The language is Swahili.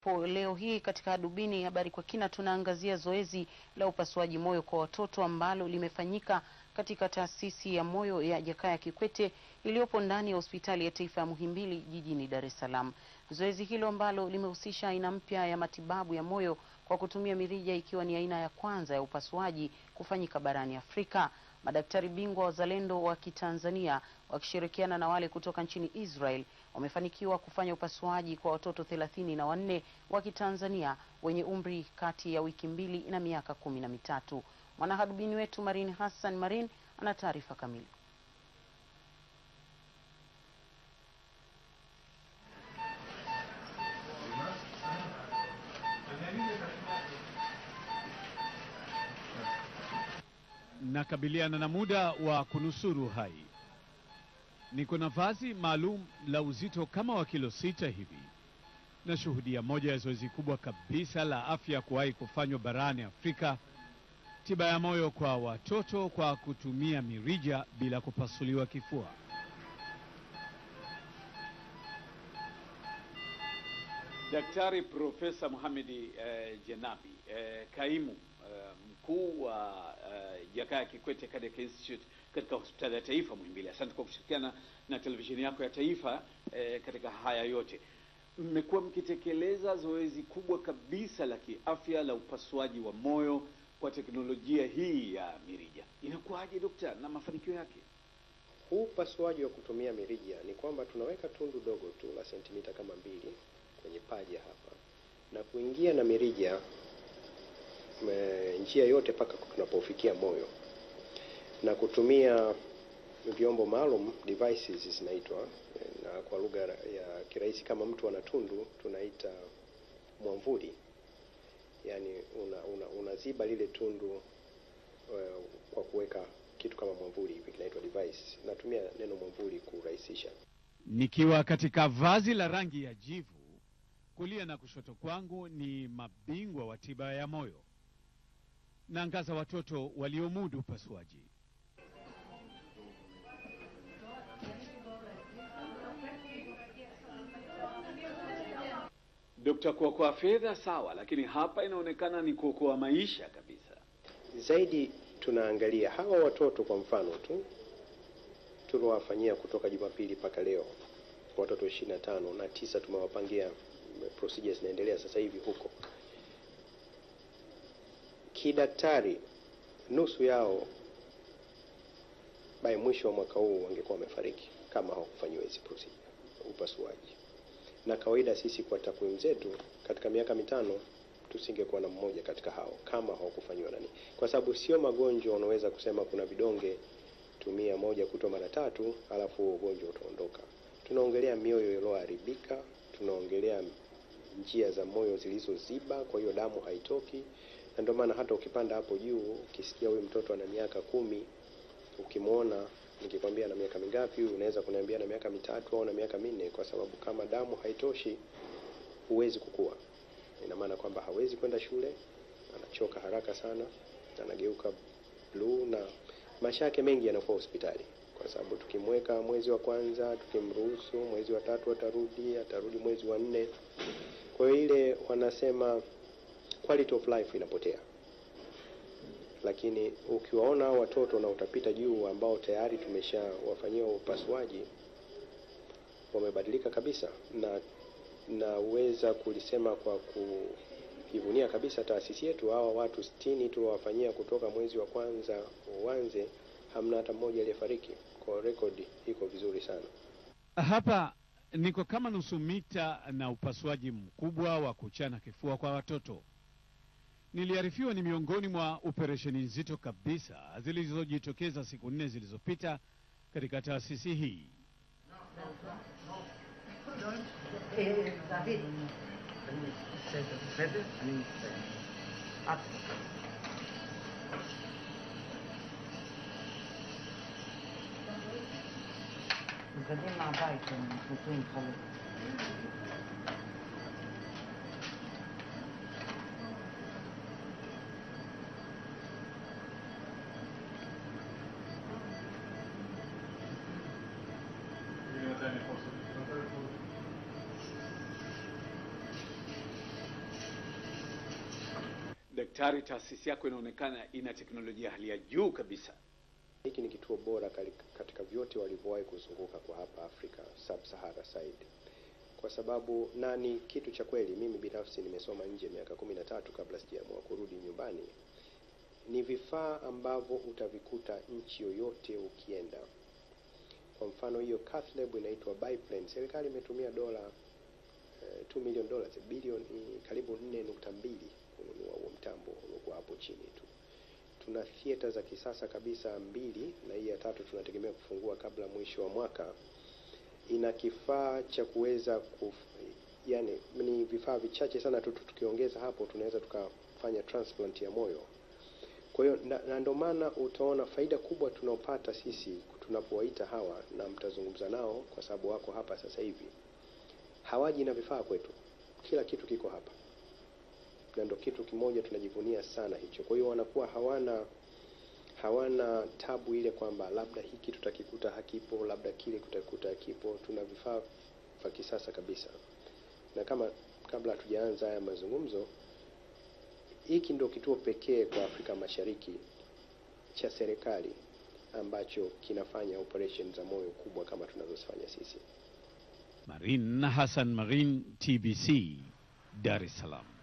po leo hii katika Hadubini habari kwa kina, tunaangazia zoezi la upasuaji moyo kwa watoto ambalo limefanyika katika taasisi ya moyo ya Jakaya Kikwete iliyopo ndani ya hospitali ya taifa ya Muhimbili jijini Dar es Salaam. Zoezi hilo ambalo limehusisha aina mpya ya matibabu ya moyo kwa kutumia mirija ikiwa ni aina ya kwanza ya upasuaji kufanyika barani Afrika. Madaktari bingwa wazalendo wa Kitanzania wakishirikiana na wale kutoka nchini Israel wamefanikiwa kufanya upasuaji kwa watoto thelathini na wanne wa Kitanzania wenye umri kati ya wiki mbili na miaka kumi na mitatu. Mwanaharubini wetu Marin Hassan Marin ana taarifa kamili. nakabiliana na muda wa kunusuru hai. Niko na vazi maalum la uzito kama wa kilo sita hivi. Nashuhudia moja ya zoezi kubwa kabisa la afya kuwahi kufanywa barani Afrika, tiba ya moyo kwa watoto kwa kutumia mirija bila kupasuliwa kifua. Daktari Profesa muhamedi eh, Janabi eh, kaimu eh, mkuu wa eh, Jakaya Kikwete Cardiac Institute katika hospitali ya taifa Muhimbili, asante kwa kushirikiana na televisheni yako ya taifa eh, katika haya yote. Mmekuwa mkitekeleza zoezi kubwa kabisa la kiafya la upasuaji wa moyo kwa teknolojia hii ya mirija. Inakuwaje dokta, na mafanikio yake? Huu upasuaji wa kutumia mirija ni kwamba tunaweka tundu dogo tu la sentimita kama mbili kwenye paja hapa na kuingia na mirija njia yote mpaka tunapofikia moyo na kutumia vyombo maalum devices zinaitwa na kwa lugha ya kirahisi, kama mtu ana tundu tunaita mwamvuli, yani unaziba una, una lile tundu uh, kwa kuweka kitu kama mwamvuli hivi, kinaitwa device. Natumia neno mwamvuli kurahisisha. Nikiwa katika vazi la rangi ya jivu kulia na kushoto kwangu ni mabingwa wa tiba ya moyo naangaza watoto waliomudu upasuaji. Dokta, kuokoa fedha sawa, lakini hapa inaonekana ni kuokoa maisha kabisa. Zaidi tunaangalia hawa watoto, kwa mfano tu tuliowafanyia kutoka Jumapili mpaka leo watoto ishirini na tano na tisa tumewapangia procedures zinaendelea sasa hivi huko. Kidaktari, nusu yao by mwisho wa mwaka huu wangekuwa wamefariki kama hawakufanyiwa hizi procedure upasuaji. Na kawaida sisi kwa takwimu zetu katika miaka mitano tusingekuwa na mmoja katika hao kama hawakufanyiwa nani, kwa sababu sio magonjwa unaweza kusema kuna vidonge tumia moja kutwa mara tatu, alafu ugonjwa utaondoka. Tunaongelea mioyo iliyoharibika, tunaongelea njia za moyo zilizoziba, kwa hiyo damu haitoki, na ndio maana hata ukipanda hapo juu ukisikia huyu mtoto ana miaka kumi, ukimwona nikikwambia na miaka mingapi, unaweza kuniambia na miaka mitatu au na miaka minne, kwa sababu kama damu haitoshi huwezi kukua. Ina maana kwamba hawezi kwenda shule, anachoka haraka sana, anageuka blue na maisha yake mengi yanakuwa hospitali kwa sababu tukimweka mwezi wa kwanza, tukimruhusu mwezi wa tatu atarudi, atarudi mwezi wa nne. Kwa hiyo ile wanasema quality of life inapotea, lakini ukiwaona watoto na utapita juu, ambao tayari tumeshawafanyia upasuaji, wamebadilika kabisa, na naweza kulisema kwa kujivunia kabisa taasisi yetu. Hawa watu sitini tuliowafanyia kutoka mwezi wa kwanza uanze hamna hata mmoja aliyefariki, kwa rekodi iko vizuri sana. Hapa niko kama nusu mita na upasuaji mkubwa wa kuchana kifua kwa watoto. Niliarifiwa ni miongoni mwa operesheni nzito kabisa zilizojitokeza siku nne zilizopita katika taasisi hii. הצדדים מהבית הם נכנסים להתחלק. Daktari, taasisi yako inaonekana ina teknolojia hali ya juu kabisa. Hiki ni kituo bora katika vyote walivyowahi kuzunguka kwa hapa Afrika sub Sahara side, kwa sababu na ni kitu cha kweli. Mimi binafsi nimesoma nje miaka kumi na tatu kabla sijaamua kurudi nyumbani. Ni vifaa ambavyo utavikuta nchi yoyote ukienda. Kwa mfano hiyo cath lab inaitwa biplane, serikali imetumia dola 2 eh, million dollars bilioni eh, karibu 4.2 kununua huo mtambo uliokuwa hapo chini tuna theater za kisasa kabisa mbili na hii ya tatu tunategemea kufungua kabla mwisho wa mwaka. Ina kifaa cha kuweza kuf, yani ni vifaa vichache sana tu, tukiongeza hapo tunaweza tukafanya transplant ya moyo. Kwa hiyo na ndio maana utaona faida kubwa tunaopata sisi tunapowaita hawa na mtazungumza nao, kwa sababu wako hapa sasa hivi, hawaji na vifaa kwetu, kila kitu kiko hapa na ndo kitu kimoja tunajivunia sana hicho. Kwa hiyo wanakuwa hawana hawana tabu ile kwamba labda hiki tutakikuta hakipo, labda kile tutakuta hakipo. Tuna vifaa vya kisasa kabisa, na kama kabla hatujaanza haya mazungumzo, hiki ndio kituo pekee kwa Afrika Mashariki cha serikali ambacho kinafanya operation za moyo kubwa kama tunazofanya sisi. Marin Hassan Marine, TBC, Dar es Salaam.